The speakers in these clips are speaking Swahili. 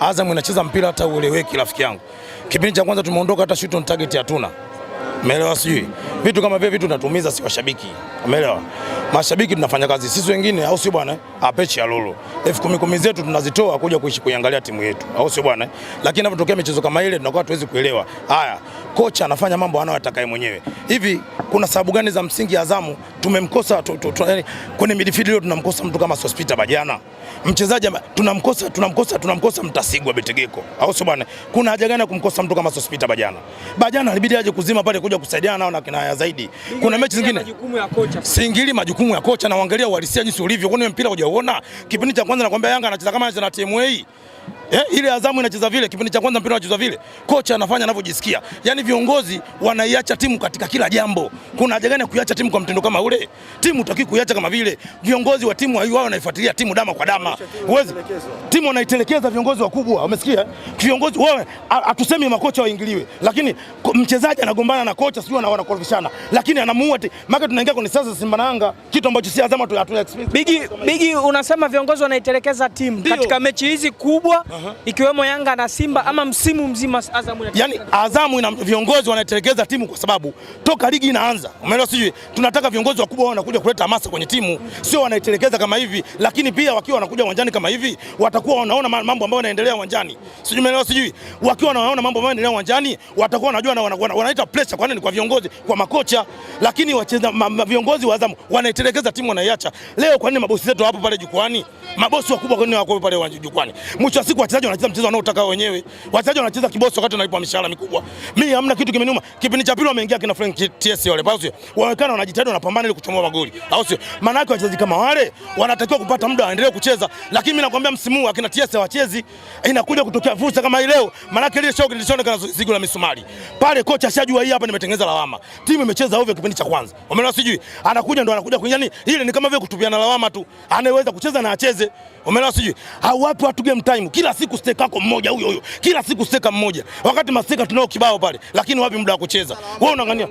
Azam inacheza mpira hata ueleweki, rafiki yangu. Kipindi cha kwanza tumeondoka hata shoot on target hatuna. Umeelewa sijui? Vitu kama vile vitu natumiza si washabiki. Umeelewa? Mashabiki tunafanya kazi sisi wengine au sio bwana? apechi ya lulu elfu kumi kumi zetu tunazitoa kuja kuishi kuiangalia timu yetu, au sio bwana? Lakini inapotokea michezo kama ile tunakuwa hatuwezi kuelewa. Haya, kocha anafanya mambo anayotaka yeye mwenyewe. Hivi kuna sababu gani za msingi Azamu tumemkosa tu, tu, tu, yani, kwenye midfield leo? Tunamkosa mtu kama Sospita Bajana, mchezaji tunamkosa, tunamkosa, tunamkosa Mtasigwa Betegeko, au sio bwana? Kuna haja gani ya kumkosa mtu kama Sospita Bajana? Bajana alibidi aje kuzima pale kuja kusaidiana nao na kinaya zaidi. Kuna mechi zingine singili majukumu ya kocha na uangalia uhalisia jinsi ulivyo, kwani mpira huja hujauona kipindi cha kwanza, nakwambia Yanga anacheza kama anacheza na timu hii Eh, ile Azamu inacheza vile kipindi cha kwanza mpira unacheza vile, kocha anafanya anavyojisikia. Yaani viongozi wanaiacha timu katika kila jambo. Kuna haja gani kuiacha timu kwa mtindo kama ule? Timu utaki kuiacha kama vile. Viongozi wa timu wao wanaifuatilia timu dama kwa dama. Uwezi. Timu wanaitelekeza viongozi wakubwa. Umesikia? Viongozi wao atusemi makocha waingiliwe, lakini mchezaji anagombana na kocha sio na wanakorofishana. Lakini anamuua ati maana tunaingia kwenye sasa Simba na Yanga, kitu ambacho si Azamu tu hatu experience. Bigi, Bigi unasema viongozi wanaitelekeza timu katika mechi hizi kubwa ha. -huh. Ikiwemo Yanga na Simba ama msimu mzima Azamu yani, Azamu ina viongozi wanatelekeza timu kwa sababu toka ligi inaanza, umeelewa? Sijui tunataka viongozi wakubwa wao wanakuja kuleta hamasa kwenye timu, sio wanaitelekeza kama hivi, lakini pia wakiwa wanakuja uwanjani kama hivi watakuwa wanaona mambo ambayo yanaendelea uwanjani, sijui umeelewa? Sijui wakiwa wanaona mambo ambayo yanaendelea uwanjani watakuwa wanajua na wanaita wana, wana pressure kwa nini? Kwa viongozi, kwa makocha, lakini wacheza viongozi wa Azamu wanaitelekeza timu wanaiacha. Leo kwa nini mabosi zetu hapo pale jukwani, mabosi wakubwa kwa nini wako pale jukwani? Mwisho wa siku wachezaji wanacheza mchezo wanaotaka wenyewe, wachezaji wanacheza kibosi wakati wanalipwa mishahara mikubwa. Mimi hamna kitu kimeniuma. Kipindi cha pili wameingia kina Frank TS wale, basi sio waonekana wanajitahidi wanapambana ili kuchomoa magoli, au sio? Maana yake wachezaji kama wale wanatakiwa kupata muda waendelee kucheza, lakini mimi nakwambia msimu huu akina TS hawachezi. Inakuja kutokea fursa kama hii leo, maana yake ile show kilichoonekana zigo la misumari pale, kocha ashajua hii hapa nimetengeneza lawama, timu imecheza ovyo kipindi cha kwanza, umeona sijui, anakuja ndo anakuja kwenye nini, ile ni kama vile kutupiana lawama tu, Anaweza kucheza na acheze, umeona sijui, au wapi watu game time kila siku steka yako mmoja huyo huyo, kila siku steka mmoja, wakati masteka tunao kibao pale, lakini wapi muda wa kucheza? Wewe unaangania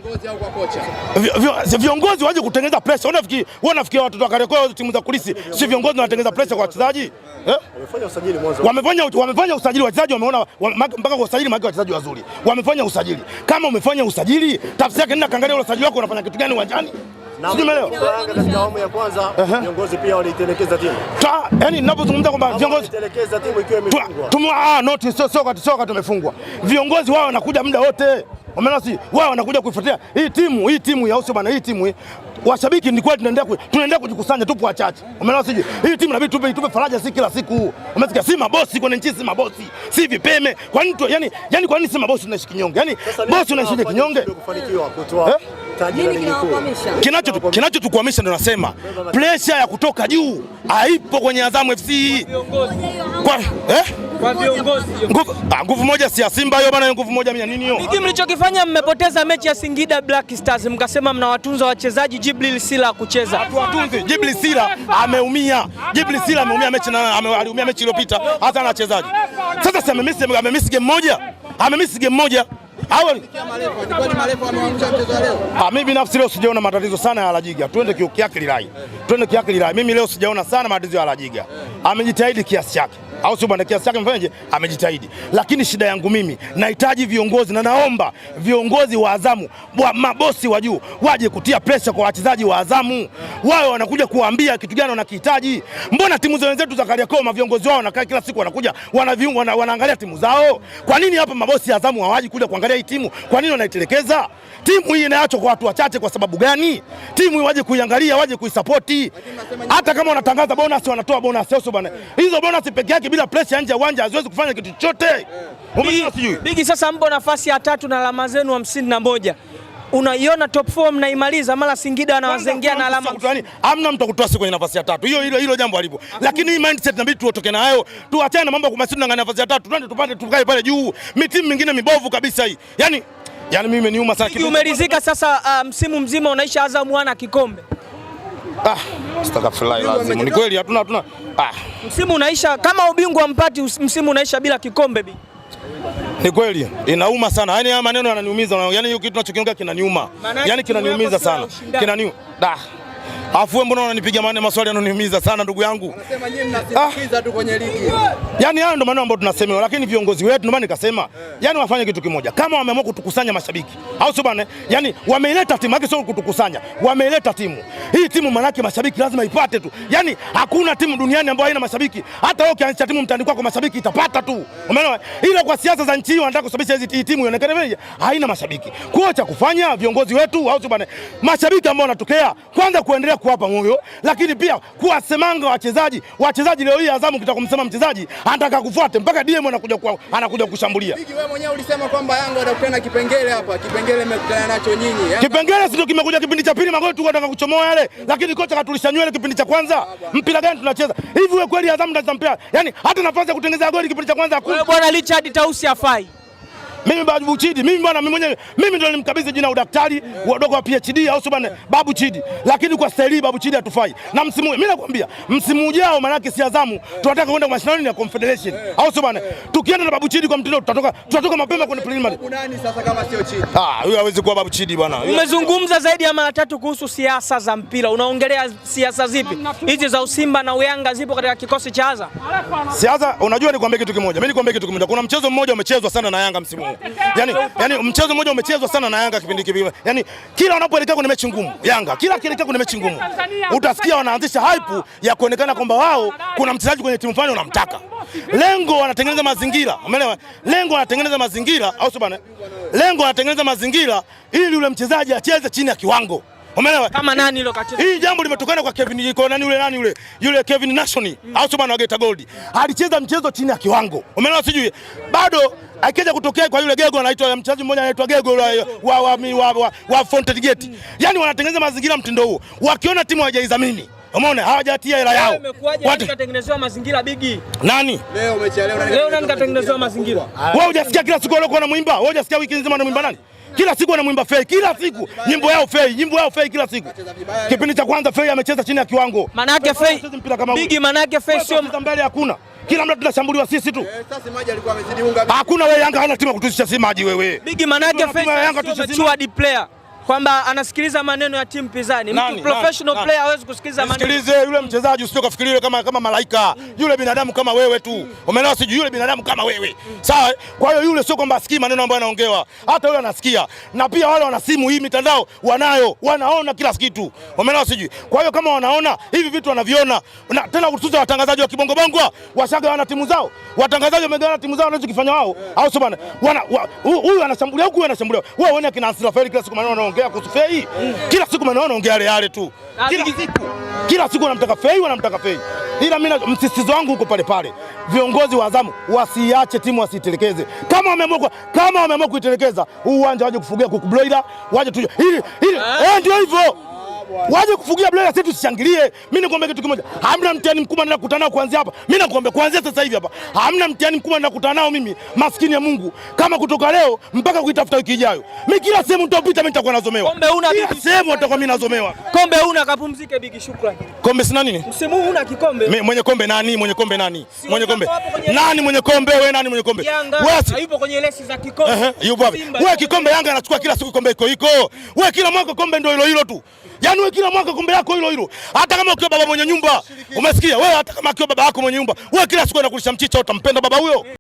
viongozi waje kutengeneza pressure. Unafikiri wewe unafikiri watoto wa Kariakoo timu za kulisi si viongozi wanatengeneza pressure kwa wachezaji? Eh? Wamefanya usajili mwanzo, wamefanya wamefanya usajili wachezaji, wameona mpaka kwa usajili maana wachezaji wazuri wamefanya usajili. Kama umefanya usajili, tafsiri yake nenda kaangalia usajili wako unafanya kitu gani uwanjani katika awamu ya kwanza viongozi pia walitelekeza timu. Ta, yani ninapozungumza kwamba viongozi waliitelekeza timu ikiwa imefungwa. Tumwa Ah, noti sio sio kati sio kati tumefungwa. Viongozi wao wanakuja muda wote. Umeona si? Wao wanakuja kuifuatia hii timu, hii timu ya Usio bana, hii timu hii. Washabiki ni kweli tunaendelea tunaendelea kujikusanya tupo wachache. Umeona si? Hii timu inabidi tupe tupe faraja si kila siku. Umesikia si mabosi kwa nchi si mabosi, si vipeme. Kwa nini yani yani kwa nini si mabosi tunaishi kinyonge? Yani bosi unaishije kinyonge? Kufanikiwa kutoa eh? Kinachotukwamisha ndo nasema presha ya kutoka juu haipo kwenye Azamu FC kwa eh? Kwa viongozi. Nguvu ah, nguvu moja si ya Simba hiyo bana, nguvu moja mimi nini hiyo? Hiki mlichokifanya mmepoteza mechi ya Singida Black Stars, mkasema mnawatunza wachezaji. Jibril Sila kucheza hatuwatunzi. Jibril Sila ameumia, Jibril Sila ameumia mechi na aliumia mechi iliyopita, hata na wachezaji sasa. Si amemiss game moja, amemiss game moja awali. Ah, mimi binafsi leo sijaona matatizo sana ya Alajiga, twende kiukiake twende kiukiake Mimi leo sijaona sana matatizo ya Alajiga, amejitahidi kiasi chake au sio bwana? Kiasi yake mfanyaje, amejitahidi. Lakini shida yangu mimi nahitaji viongozi na naomba viongozi wa Azamu wa mabosi wa juu waje kutia presha kwa wachezaji wa Azamu, wao wanakuja kuambia kitu gani wanakihitaji. Mbona timu wenzetu za Kariakoo viongozi wao wanakaa kila siku wanakuja wanaviunga wana, wanaangalia timu zao? Kwa nini hapa mabosi ya Azamu hawaji kuja kuangalia hii timu? Kwa nini wanaitelekeza timu hii? Inaachwa kwa watu wachache kwa sababu gani? Timu waje kuiangalia, waje kuisapoti. Hata kama wanatangaza bonus, wanatoa bonus sio bwana, hizo bonus peke yake Beki bila pressure ya nje ya uwanja haziwezi kufanya kitu chochote. Yeah. Bigi, Bigi sasa mpo nafasi ya tatu na alama zenu hamsini na moja unaiona top 4 mnaimaliza, mara Singida anawazengea na alama. Hamna mtu akutoa siku kwenye nafasi ya tatu, hiyo hilo hilo jambo alipo, ah. lakini hii mindset inabidi tuotoke nayo, tuachane na mambo kwa kumasi, na nafasi ya tatu, twende tupande, tukae pale juu. Mitimu mingine mibovu kabisa hii, yani yani mimi niuma sana. Umeridhika sasa? Uh, msimu mzima unaisha Azam wana kikombe Ah, astaghfirullah lazima. Ni kweli hatuna hatuna. Ah. Msimu unaisha kama ubingwa mpati, msimu unaisha bila kikombe bi. Ni kweli inauma sana. Yaani haya maneno yananiumiza. Yaani hiyo kitu tunachokiongea kinaniuma. Yaani kinaniumiza sana. Kinaniuma. Da. Afu mbona unanipiga maneno maswali yananiumiza sana ndugu yangu. Anasema nyinyi ah. mnasindikiza tu kwenye ligi. Yaani hayo ndio maneno ambayo tunasemewa, lakini viongozi wetu ndio maana nikasema, yeah. Yaani wafanye kitu kimoja. Kama wameamua kutukusanya mashabiki, au sio bwana? Yaani wameileta timu, haki sio kutukusanya. Wameileta timu. Hii timu manake mashabiki lazima ipate tu. Yaani hakuna timu duniani ambayo haina mashabiki. Hata wewe ukianzisha timu mtandiko wako mashabiki itapata tu. Umeelewa? Ila kwa siasa za nchi hii wanataka kusababisha hizi timu ionekane vile haina mashabiki. Kwa cha kufanya viongozi wetu, au sio bwana? Mashabiki ambao wanatokea kwanza kuendelea kuwapa moyo, lakini pia kuwasemanga wachezaji. Wachezaji leo hii Azamu kitaka kumsema mchezaji anataka kufuate mpaka DM anakuja kwa, anakuja kushambulia. Wewe mwenyewe ulisema kwamba Yanga anakutana kipengele hapa, kipengele mmekutana nacho nyinyi. Kipengele sio kimekuja kipindi cha pili, magoli tulikuwa tunataka kuchomoa yale, lakini kocha katulisha nywele kipindi cha kwanza. Ah, mpira gani tunacheza hivi? Wewe kweli Azamu ndazampea, yani hata nafasi ya kutengeneza goli kipindi cha kwanza hakuna. Bwana Richard Tausi afai mimi Babu Chidi, mimi bwana, mimi mwenyewe mimi ndio nilimkabidhi jina udaktari wadogo wa PhD au sio bwana, Babu Chidi, lakini kwa staili Babu Chidi hatufai na msimu, mimi nakwambia msimu ujao, maanake si Azamu tunataka kwenda kwa mashindano ya Confederation au sio bwana, tukienda na Babu Chidi kwa mtindo tutatoka tutatoka mapema kwenye preliminary. Nani sasa kama sio Chidi? Ah, huyu hawezi kuwa Babu Chidi bwana. Umezungumza zaidi ya mara tatu kuhusu siasa za mpira, unaongelea siasa zipi hizi za Usimba na Uyanga zipo katika kikosi cha Azam? Siasa, unajua nikwambie kitu kimoja, mimi nikwambie kitu kimoja, kuna mchezo mmoja umechezwa sana na Yanga msimu huu yani, yani mchezo mmoja umechezwa sana na Yanga kipindi kipi. yani kila wanapoelekea kwenye mechi ngumu Yanga, kila kielekea kwenye mechi ngumu utasikia wanaanzisha hype ya kuonekana kwamba wao kuna mchezaji kwenye timu fulani unamtaka. Lengo wanatengeneza mazingira, umeelewa? Lengo wanatengeneza mazingira, au sio bana? Lengo wanatengeneza mazingira ili yule mchezaji acheze chini ya kiwango Umeelewa? Kama nani hilo kacheza? Hii jambo limetokana kwa Kevin yuko nani yule nani yule? Yule Kevin Nation, mm. au sio bana wa Geita Gold. Alicheza mchezo chini ya kiwango. Umeelewa sijui? Bado akija kutokea kwa yule Gego anaitwa mchezaji mmoja anaitwa Gego wa wa, wa, wa, wa, wa Fountain Gate. mm. Yani wanatengeneza mazingira mtindo huo. Wakiona timu hawajaidhamini. Umeona hawajatia hela yao. Watu katengenezewa mazingira bigi. Nani? Leo umecha leo nani? Leo nani katengenezewa mazingira? Wewe hujasikia kila siku alikuwa anamwimba? Wewe hujasikia wiki nzima anamwimba nani? Kila siku anamwimba Fei, kila siku nyimbo yao Fei, nyimbo yao Fei kila siku. Kipindi cha kwanza Fei amecheza chini ya kiwango. Maana yake Fei bigi, maana yake Fei sio mbele hakuna kila mtu tunashambuliwa sisi tu. Eh, Hakuna wewe Yanga hana timu kutuzisha Simaji wewe. Bigi manake Yanga tu player kwamba anasikiliza maneno ya timu pinzani. Mtu professional nani, player hawezi kusikiliza maneno. Sikilize yule mchezaji, usio ukafikiri yule kama kama malaika mm. Yule binadamu kama wewe tu mm. Umeelewa? siju yule binadamu kama wewe mm. Sawa. Kwa hiyo yule sio kwamba asikii maneno ambayo anaongewa, hata yule anasikia, na pia wale wana simu hii mitandao wanayo, wanaona kila kitu, umeelewa? siju? Kwa hiyo kama wanaona hivi vitu wanaviona, na tena utuza watangazaji wa kibongo bongo washaga wana timu zao, watangazaji wamegawana timu zao wanachokifanya wao, au sio bwana? huyu anashambulia huku, anashambulia Wewe waone akina Rafael kila siku maneno wanaongea kuhusu Fei mm. Kila siku maneno ongea yale yale tu kila siku, kila siku wanamtaka Fei, wanamtaka Fei, ila mimi msisitizo wangu uko pale pale, viongozi wa Azamu wasiache timu, wasiitelekeze. Kama wameamua kama wameamua kuitelekeza huu uwanja, waje kufugia kuku broiler, waje tu, ili ili eh? eh, ndio hivyo waje kufugia Bleda, sisi tusishangilie. Mimi nakuambia kitu kimoja, hamna mtihani mkubwa ninakutana nao kuanzia hapa. Mimi nakuambia kuanzia sasa hivi hapa, hamna mtihani mkubwa ninakutana nao mimi, maskini ya Mungu, kama kutoka leo mpaka kuitafuta wiki ijayo. Mimi kila sehemu nitapita, mimi nitakuwa nazomewa. Kombe una kila sehemu, nitakuwa mimi nazomewa. Kombe una kapumzike bigi, shukrani. Kombe sina nini? Msimu huu una kikombe. Mimi mwenye kombe nani? Mwenye kombe nani? Mwenye kombe nani? Mwenye kombe wewe nani? Mwenye kombe wewe, yupo kwenye lesi za kikombe. Yupo wapi? Wewe kikombe Yanga anachukua kila siku, kombe iko iko. Wewe kila mwaka kombe ndio hilo hilo tu. Yaani wewe kila mwaka kombe yako hilo hilo. Hata kama ukiwa baba mwenye nyumba, umesikia? Wewe hata kama ukiwa baba yako mwenye nyumba, wewe kila siku unakulisha mchicha utampenda baba huyo?